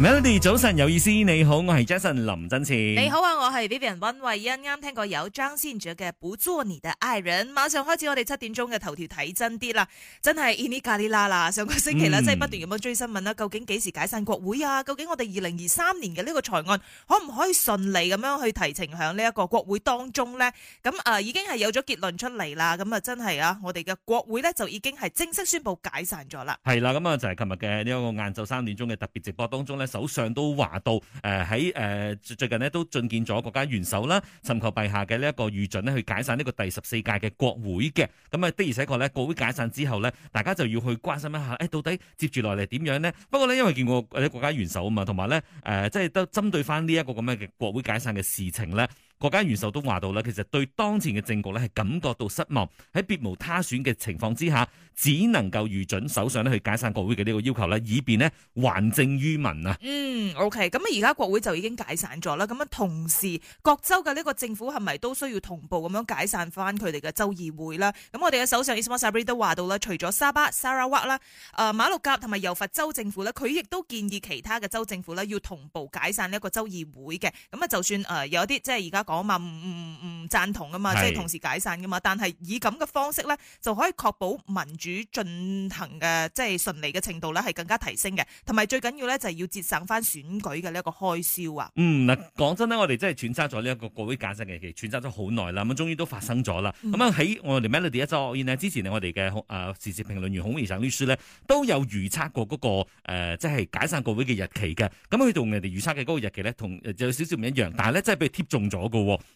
Melody 早晨有意思，你好，我係 Jason 林振賜。你好啊，我係 Vivian 溫慧欣。啱聽過有張信哲嘅不做你的愛人。馬上開始我哋七點鐘嘅頭條睇真啲啦，真係 Ini kali 啦。上個星期啦，真係、嗯、不斷咁樣追新聞啦。究竟幾時解散國會啊？究竟我哋二零二三年嘅呢個財案可唔可以順利咁樣去提呈響呢一個國會當中呢，咁、嗯、啊，已經係有咗結論出嚟啦。咁、嗯、啊，真係啊，我哋嘅國會呢，就已經係正式宣布解散咗啦。係啦，咁啊就係琴日嘅呢一個晏晝三點鐘嘅特別直播當中呢。首相都話到，誒喺誒最近咧都進見咗國家元首啦，尋求陛下嘅呢一個御准咧去解散呢個第十四屆嘅國會嘅。咁啊，的而且確咧，國會解散之後咧，大家就要去關心一下，誒、欸、到底接住落嚟點樣呢？不過咧，因為見過啲國家元首啊嘛，同埋咧誒，即係都針對返呢一個咁嘅國會解散嘅事情咧。國家元首都話到啦，其實對當前嘅政局咧係感覺到失望，喺別無他選嘅情況之下，只能夠御准首相呢去解散國會嘅呢個要求啦，以便咧還政於民啊。嗯，OK，咁啊，而家國會就已經解散咗啦。咁啊，同時各州嘅呢個政府係咪都需要同步咁樣解散翻佢哋嘅州議會咧？咁我哋嘅首相伊斯邁沙比里都話到啦，除咗沙巴、砂拉越啦，誒馬六甲同埋柔佛州政府呢，佢亦都建議其他嘅州政府呢，要同步解散呢一個州議會嘅。咁啊，就算誒有啲即係而家。講嘛，唔唔唔贊同啊嘛，即係同時解散嘅嘛。是但係以咁嘅方式咧，就可以確保民主進行嘅即係順利嘅程度咧，係更加提升嘅。同埋最緊要咧就係、是、要節省翻選舉嘅呢一個開銷啊。嗯，嗱講真咧，我哋真係揣測咗呢一個國會解散嘅日期，揣測咗好耐啦。咁終於都發生咗啦。咁啊喺我哋 Melody 啊 Joanne 啊之前咧我哋嘅誒時事評論員孔先生呢書咧都有預測過嗰、那個即係、呃就是、解散國會嘅日期嘅。咁佢同人哋預測嘅嗰個日期咧，同有少少唔一樣，但係咧真係俾佢貼中咗。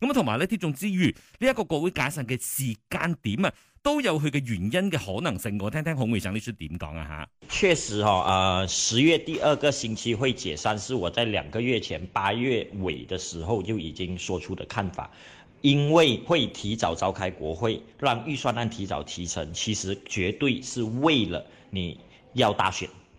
咁同埋呢啲中之餘，呢、這、一個國會解散嘅時間點啊，都有佢嘅原因嘅可能性。我聽聽孔會長呢書點講啊吓。確實哈，誒、呃，十月第二個星期會解散，是我在兩個月前八月尾的時候就已經說出的看法。因為會提早召開國會，讓預算案提早提呈，其實絕對是為了你要大選。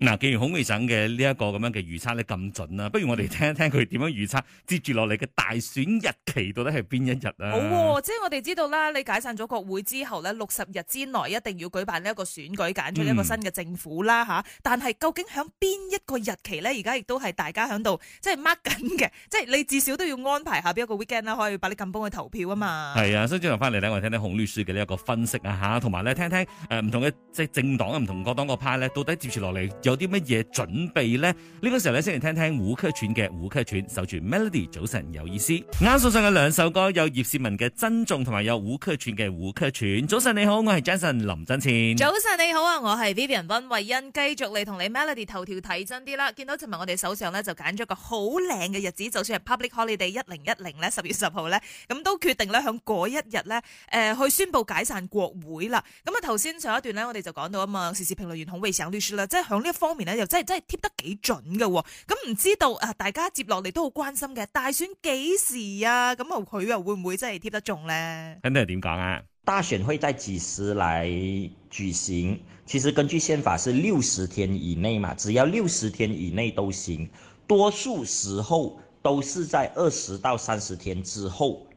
嗱、啊，既然孔美省嘅呢一個咁樣嘅預測咧咁準啦，不如我哋聽一聽佢點樣預測，接住落嚟嘅大選日期到底係邊一日啊？好喎、啊，即係我哋知道啦，你解散咗國會之後咧，六十日之內一定要舉辦呢一個選舉，揀出一個新嘅政府啦、嗯啊、但係究竟響邊一個日期咧？而家亦都係大家響度即係 mark 緊嘅，即係你至少都要安排下邊一個 weekend 啦，可以把你咁邦嘅投票啊嘛。係啊，所以轉頭翻嚟咧，我哋聽聽孔律師嘅呢一個分析啊嚇，同埋咧聽聽唔、呃、同嘅即係政黨唔同各黨個派咧，到底接住落嚟。有啲乜嘢準備呢？呢、這個時候咧，先嚟聽聽《虎嘅傳》嘅《虎嘅傳》，守住 Melody，早晨有意思。啱送上嘅兩首歌，有葉倩文嘅《珍重》，同埋有《虎嘅傳》嘅《虎嘅傳》。早晨你好，我係 Jason 林振前。早晨你好啊，我係 Vivian 溫慧欣。繼續嚟同你 Melody 頭條睇真啲啦。見到尋日我哋手上咧就揀咗個好靚嘅日子，就算係 Public Holiday 一零一零咧，十月十號咧，咁都決定咧響嗰一日咧，誒、呃、去宣布解散國會啦。咁啊，頭先上一段咧，我哋就講到啊嘛，時事評論員孔維成啦，即係響呢方面咧又真係真係貼得幾準嘅、哦，咁、嗯、唔知道啊大家接落嚟都好關心嘅大選幾時啊？咁啊佢又會唔會真係貼得中咧？咁你係點講啊？大選會在幾時嚟舉行？其實根據憲法是六十天以內嘛，只要六十天以內都行，多數時候都是在二十到三十天之後。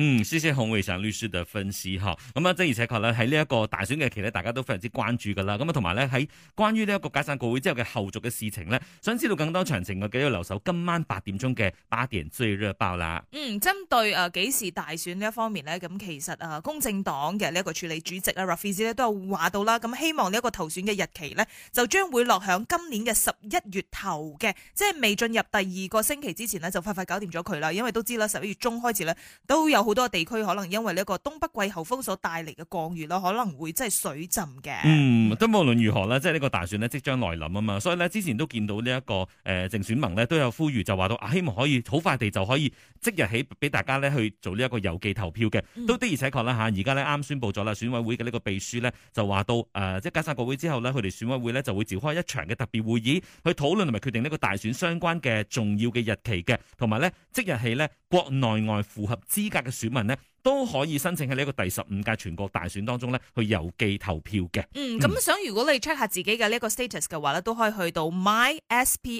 嗯，謝謝洪偉翔律師嘅分析嚇，咁、嗯、啊，即而且確咧喺呢一個大選嘅日期呢，大家都非常之關注噶啦。咁啊，同埋呢，喺關於呢一個解散國會之後嘅後續嘅事情呢，想知道更多詳情嘅，記得留守今晚八點鐘嘅八點最熱爆啦。嗯，針對啊幾、呃、時大選呢一方面呢，咁其實啊、呃、公正黨嘅呢一個處理主席啊 Rafizi 都有話到啦，咁希望呢一個投選嘅日期呢，就將會落喺今年嘅十一月頭嘅，即係未進入第二個星期之前呢，就快快搞掂咗佢啦，因為都知啦十一月中開始呢，都有。好多地區可能因為呢一個東北季候風所帶嚟嘅降雨咯，可能會即係水浸嘅。嗯，都無論如何呢，即係呢個大選呢，即將來臨啊嘛，所以呢，之前都見到呢、這、一個誒鄭、呃、選民呢都有呼籲，就話到啊，希望可以好快地就可以即日起俾大家呢去做呢一個郵寄投票嘅。嗯、都的而且確啦吓，而家呢啱宣布咗啦，選委會嘅呢個秘書呢，就話到誒，即係解散國會之後呢，佢哋選委會呢就會召開一場嘅特別會議，去討論同埋決定呢個大選相關嘅重要嘅日期嘅，同埋呢，即日起呢。國內外符合資格嘅選民呢，都可以申請喺呢一個第十五屆全國大選當中呢，去郵寄投票嘅。嗯，咁想如果你 check 下自己嘅呢一個 status 嘅話呢，都可以去到 mysprsema.spr.gov.my，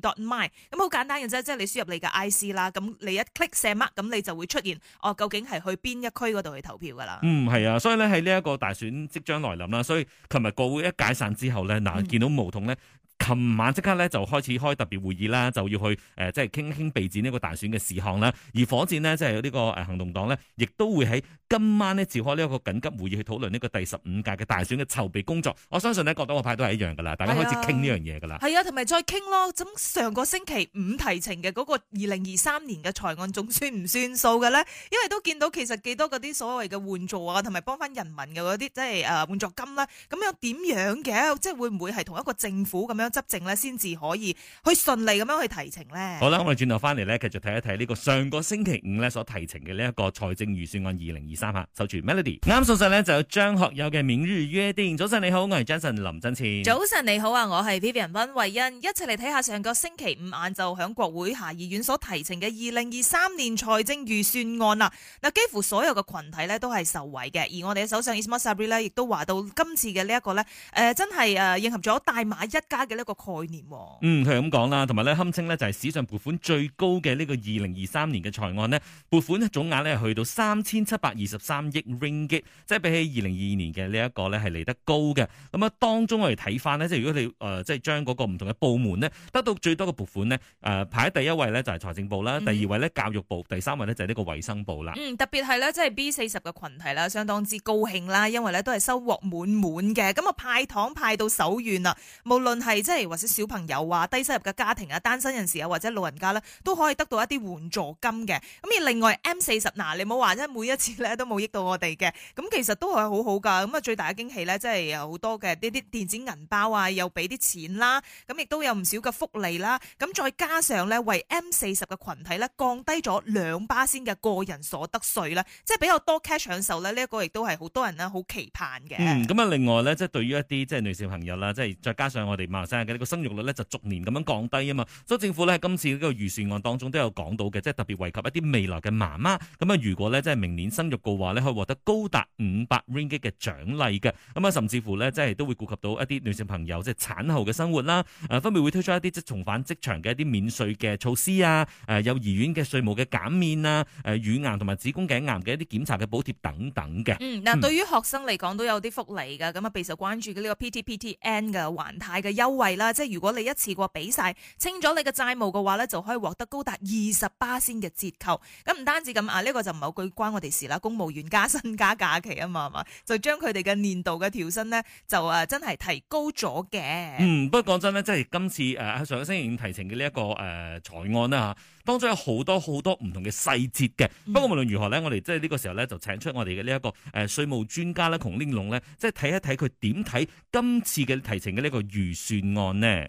咁好簡單嘅啫，即係你輸入你嘅 IC 啦，咁你一 click sema，咁你就會出現哦，究竟係去邊一區嗰度去投票噶啦。嗯，係啊，所以呢，喺呢一個大選即將來臨啦，所以琴日國會一解散之後呢，嗱見到毛同呢。嗯琴晚即刻咧就開始開特別會議啦，就要去誒即係傾傾備戰呢個大選嘅事項啦。而火箭呢，即係呢個誒行動黨呢，亦都會喺今晚呢，召開呢一個緊急會議去討論呢個第十五屆嘅大選嘅籌備工作。我相信呢，各黨各派都係一樣噶啦，大家開始傾呢樣嘢噶啦。係啊，同埋、啊、再傾咯。咁上個星期五提呈嘅嗰個二零二三年嘅財案，總算唔算數嘅咧？因為都見到其實幾多嗰啲所謂嘅援助啊，同埋幫翻人民嘅嗰啲即係誒援助金啦，咁樣點樣嘅？即係會唔會係同一個政府咁樣？執政咧，先至可以去順利咁樣去提呈咧。好啦，咁我哋轉頭翻嚟咧，繼續睇一睇呢個上個星期五咧所提呈嘅呢一個財政預算案二零二三啊。守住 Melody，啱熟曬呢就有張學友嘅《明日約定》。早晨你好，我係 Jason 林振次。早晨你好啊，我係 Vivian 温慧欣。An，一齊嚟睇下上個星期五晏晝喺國會下議院所提呈嘅二零二三年財政預算案啦。嗱，幾乎所有嘅群體呢都係受惠嘅，而我哋嘅首相 Ismail Sabri 呢，亦都話到今次嘅呢一個呢、呃，真係誒應合咗大馬一家嘅。一個概念，哦，嗯，佢係咁講啦，同埋咧，堪稱咧就係史上撥款最高嘅呢個二零二三年嘅財案咧，撥款總額呢，去到三千七百二十三億 Ringgit，即係比起二零二二年嘅呢一個呢，係嚟得高嘅。咁，嗯，啊，當中我哋睇翻呢，即係如果你誒，呃，即係將嗰個唔同嘅部門呢，得到最多嘅撥款呢，誒，呃，排喺第一位呢，就係、是、財政部啦，嗯，第二位呢，教育部，第三位呢，就係、是、呢個衛生部啦。嗯，特別係呢，即、就、係、是、B 四十嘅群體咧相當之高興啦，因為呢，都係收穫滿滿嘅，咁啊派糖派到手軟啦，無論係。即係或者小朋友啊、低收入嘅家庭啊、單身人士啊或者老人家咧，都可以得到一啲援助金嘅。咁而另外 M 四十嗱，你冇話啫，每一次咧都冇益到我哋嘅。咁其實都係好好㗎。咁啊，最大嘅驚喜咧，即係有好多嘅呢啲電子銀包啊，又俾啲錢啦、啊。咁亦都有唔少嘅福利啦、啊。咁再加上咧，為 M 四十嘅群體咧，降低咗兩巴仙嘅個人所得稅啦。即係比較多 cash 享受咧，呢、這、一個亦都係好多人咧好期盼嘅。咁啊、嗯，另外咧，即係對於一啲即係女小朋友啦，即係再加上我哋嘅你個生育率咧就逐年咁樣降低啊嘛，所以政府咧今次呢一個預算案當中都有講到嘅，即係特別惠及一啲未來嘅媽媽。咁啊，如果咧即係明年生育嘅話咧，可以獲得高達五百 ringgit 嘅獎勵嘅。咁啊，甚至乎咧即係都會顧及到一啲女性朋友即係產後嘅生活啦。誒分別會推出一啲即重返職場嘅一啲免稅嘅措施啊。誒幼兒園嘅稅務嘅減免啊。誒乳癌同埋子宮頸癌嘅一啲檢查嘅補貼等等嘅。嗯，嗱、嗯，對於學生嚟講都有啲福利㗎。咁啊備受關注嘅呢個 PTPTN 嘅還貸嘅優惠。係啦，即係如果你一次過俾晒清咗你嘅債務嘅話咧，就可以獲得高達二十八仙嘅折扣。咁唔單止咁啊，呢、這個就唔係好句關我哋事啦。公務員加薪加假期啊嘛，係嘛，就將佢哋嘅年度嘅調薪咧，就誒真係提高咗嘅。嗯，不過講真咧，即係今次誒、啊、上的、這個星期五提呈嘅呢一個誒財案啦吓。啊當中有好多好多唔同嘅細節嘅，不過無論如何咧，我哋即係呢個時候咧，就請出我哋嘅呢一個誒稅務專家咧，熊玲龍咧，即係睇一睇佢點睇今次嘅提呈嘅呢個預算案呢。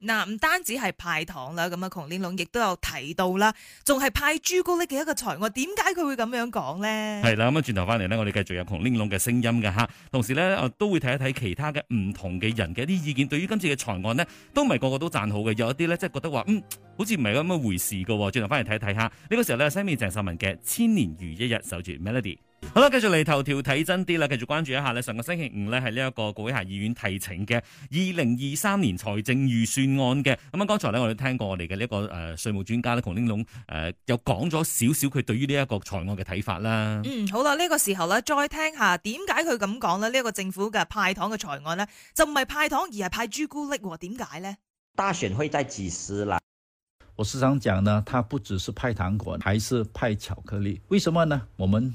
嗱，唔單止係派糖啦，咁啊，熊靚龍亦都有提到啦，仲係派朱古力嘅一個財案。點解佢會咁樣講咧？係啦，咁啊，轉頭翻嚟咧，我哋繼續有熊靚龍嘅聲音嘅嚇，同時咧，我都會睇一睇其他嘅唔同嘅人嘅一啲意見，對於今次嘅財案呢，都唔係個個都讚好嘅，有一啲咧即係覺得話，嗯，好似唔係咁嘅回事噶喎，轉頭翻嚟睇一睇下，呢個時候咧，西面鄭秀文嘅千年如一日守住 Melody。好啦，繼續嚟頭條睇真啲啦，繼續關注一下咧。上個星期五咧，係呢一個國會下議院提呈嘅二零二三年財政預算案嘅。咁樣剛才咧，我哋聽過我哋嘅呢一個誒稅務專家咧，黃丁龍誒，又講咗少少佢對於呢一個財案嘅睇法啦。嗯，好啦，呢個時候咧再聽下點解佢咁講呢？呢一個政府嘅派糖嘅財案呢，就唔係派糖而係派朱古力，點解呢？大選會在幾時啦，我時常講呢，他不只是派糖果，還是派巧克力。為什麼呢？我們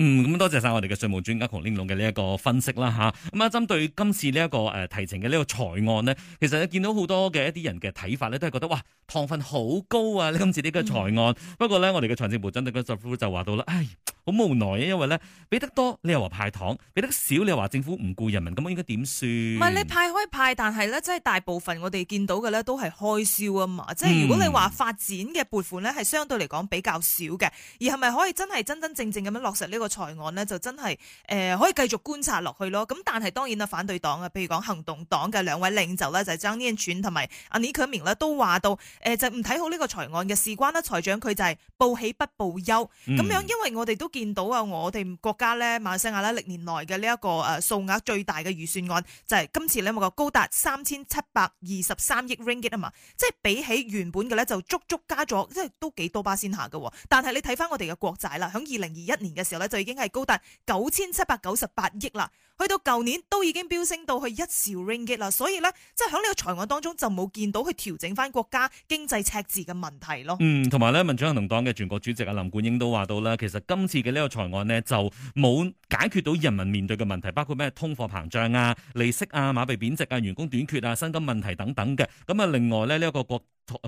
嗯，咁多謝晒我哋嘅稅務專家黃玲龍嘅呢一個分析啦，吓咁啊針對今次呢、這、一個誒、呃、提呈嘅呢個財案呢，其實咧見到好多嘅一啲人嘅睇法呢，都係覺得哇糖分好高啊！你今次呢個財案，嗯、不過呢，我哋嘅財政部長鄧家富就話到啦，唉，好無奈啊，因為呢，俾得多你又話派糖，俾得少你又話政府唔顧人民，咁樣應該點算？唔係你派可以派，但係呢，真係大部分我哋見到嘅呢，都係開銷啊嘛，嗯、即係如果你話發展嘅撥款呢，係相對嚟講比較少嘅，而係咪可以真係真真正正咁樣落實呢、這個？財案咧就真係、呃、可以繼續觀察落去咯，咁但係當然啦，反對黨啊，譬如講行動黨嘅兩位領袖咧，就係張念群同埋倪可敏咧，都話到就唔睇好呢個財案嘅，事關呢財長佢就係報喜不報憂咁、嗯、樣，因為我哋都見到啊，我哋國家咧馬來西亞咧歷年來嘅呢一個數額、啊、最大嘅預算案就係、是、今次呢個高達三千七百二十三億 Ringgit 啊嘛，即係比起原本嘅咧就足足加咗，即係都幾多巴仙下喎。但係你睇返我哋嘅國債啦，響二零二一年嘅時候咧就，已經係高達九千七百九十八億啦。去到舊年都已經飆升到去一兆 ringgit 啦，所以咧即係喺呢個財案當中就冇見到去調整翻國家經濟赤字嘅問題咯。嗯，同埋咧，民主行動黨嘅全國主席啊林冠英都話到咧，其實今次嘅呢個財案呢，就冇解決到人民面對嘅問題，包括咩通貨膨脹啊、利息啊、馬幣貶值啊、員工短缺啊、薪金問題等等嘅。咁啊，另外咧呢一個國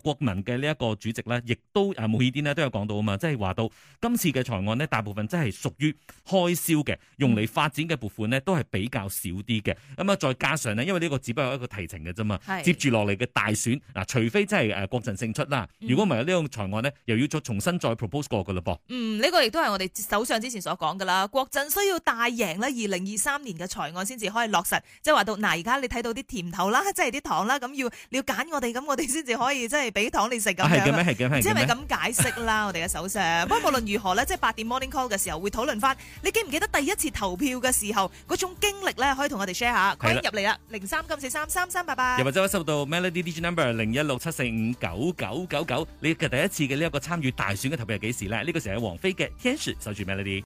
國民嘅呢一個主席咧，亦都啊每啲呢，都有講到啊嘛，即係話到今次嘅財案呢，大部分即係屬於開銷嘅，用嚟發展嘅撥款呢，都係，係比較少啲嘅，咁啊再加上呢，因為呢個只不過係一個提呈嘅啫嘛，是接住落嚟嘅大選嗱，除非真係誒國陣勝出啦，如果唔係呢個草案呢，又要再重新再 propose 過噶啦噃。嗯，呢、這個亦都係我哋首相之前所講噶啦，國陣需要大贏呢，二零二三年嘅草案先至可以落實，即係話到嗱，而家你睇到啲甜頭啦，即係啲糖啦，咁要你要揀我哋，咁我哋先至可以即係俾糖你食咁、啊、樣，係嘅咩？係嘅即係咪咁解釋啦？我哋嘅首相。不過無論如何呢，即係八點 morning call 嘅時候會討論翻，你記唔記得第一次投票嘅時候經歷咧可以同我哋 share 下，佢的入嚟啦，零三金四三三三八八，又或者收到 Melody Digital Number 零一六七四五九九九九，你嘅第一次嘅呢一個參與大選嘅投票係幾時咧？呢、這個時候喺王菲嘅《天使》守住 Melody。